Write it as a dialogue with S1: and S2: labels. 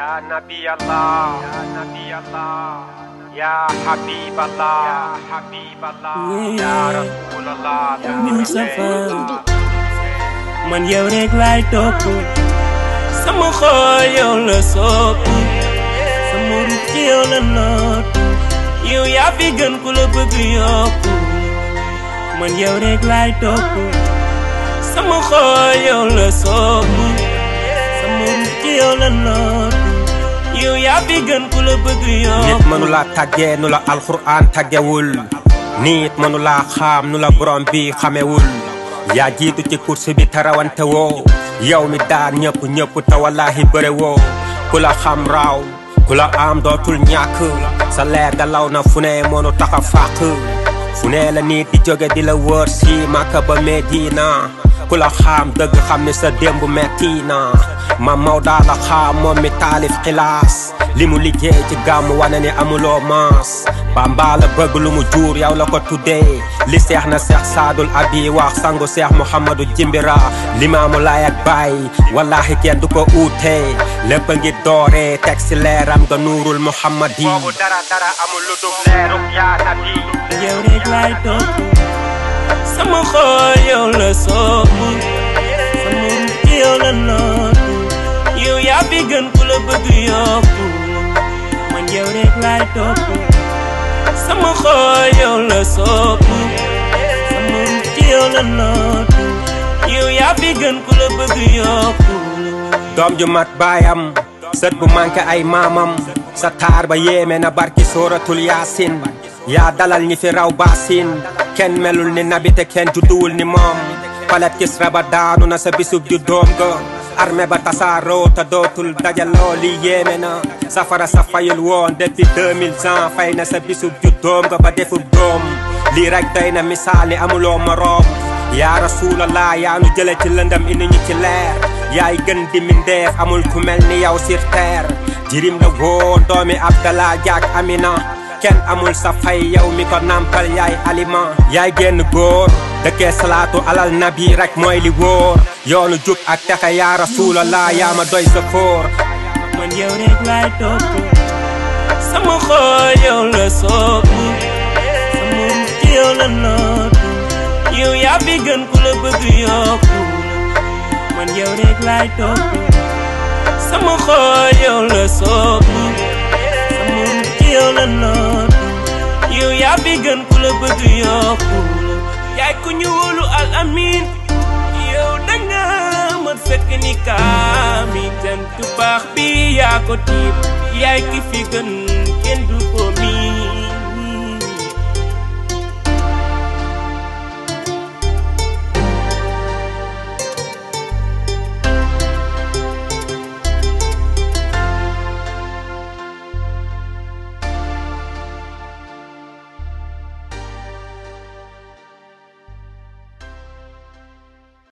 S1: Ya Nabi Allah, Ya Nabi Allah, Ya Habib Allah, Ya Habib Allah, Ya Rasul Allah, Ya Mustafa.
S2: Man yow rek lay topp sama xol yow la sopp sama ruux ci yow la noot yow ya fi gën ku la bëgg yokk man yow rek lay topp sama xol yow la
S1: sopp sama ruux ci yow la noot yaa gën ku la bëgg yow. nit mënu laa tàggee nu la alxuraan tàggewul. nit mënu laa xaam nu la borom bi xamewul. yaa jiitu ci course bi tarawante woo. mi daan ñëpp ñëpp te wallaahi bëre woo. ku la xam raaw. ku la am dootul ñàkk. sa leer ga law na fu ne mënu tax a fàq. fu ne la nit di di la wër si Makka ba Medina. ku la xaam dëgg xam ni sa démb metti na ma maw daa la xaam moom mi taalif xilaas li mu liggéey ci gàmm wane ni amuloo maas bàmbaa la bëgg lu mu juur yow la ko tuddee li seex na seex saadul abi wax sangu seex muhammadu jimbira limaamu laay ak baay wallaahi kenn du ko uute lépp ngi dooree teg si leeram nga nuurul muhammad yi dara dara amul lu dul leeruk yaa nabi yow rek laay
S2: topp sama xol yow la soobu sama ruut yow la nootu yow yaa gën ku
S1: bëgg yokku doom ju baayam sët bu manqué ay maamam sa taar ba yéeme na barki sooratul yaasin yaa dalal ñi fi raw baasin ken melul ni nabite ken judduwul ni moom palet kisra ba daanu na sa bisub juddoom ga armée ba tasaaroo te dootul dajaloo li yéeme na safara sa fayul woon depuis 2000 ans fay na sa bisub juddoom ga ba defub doom lii rek doy na misaali amuloo moroom yaa rasulallah yaa nu jële ci lëndam indi ñu ci leer yaay gën di mindeef amul ku mel ni yow sur terre jirim la woon doomi abdallah jaak amina kenn amul sa fay yow mi ko nàmpal yaay aliment yaay génn góor dëkkee salaatu alal nabi rek mooy li wóor yoonu jub ak texe yaa rasulallah yaa ma doy sa fóor man yow rek laay topp
S2: sama xool yow la sopp sama ruuf yow la nopp yow yaa fi gën ku la bëgg yokku man yow rek laay topp sama xool yow la sopp sama ruuf yow la nopp a fi gën ku la bëgg yokku yaay ku ñu wóolu al amin yow danga mën kaami jant baax bi yaa ko tiim yaay ki fi gën kenn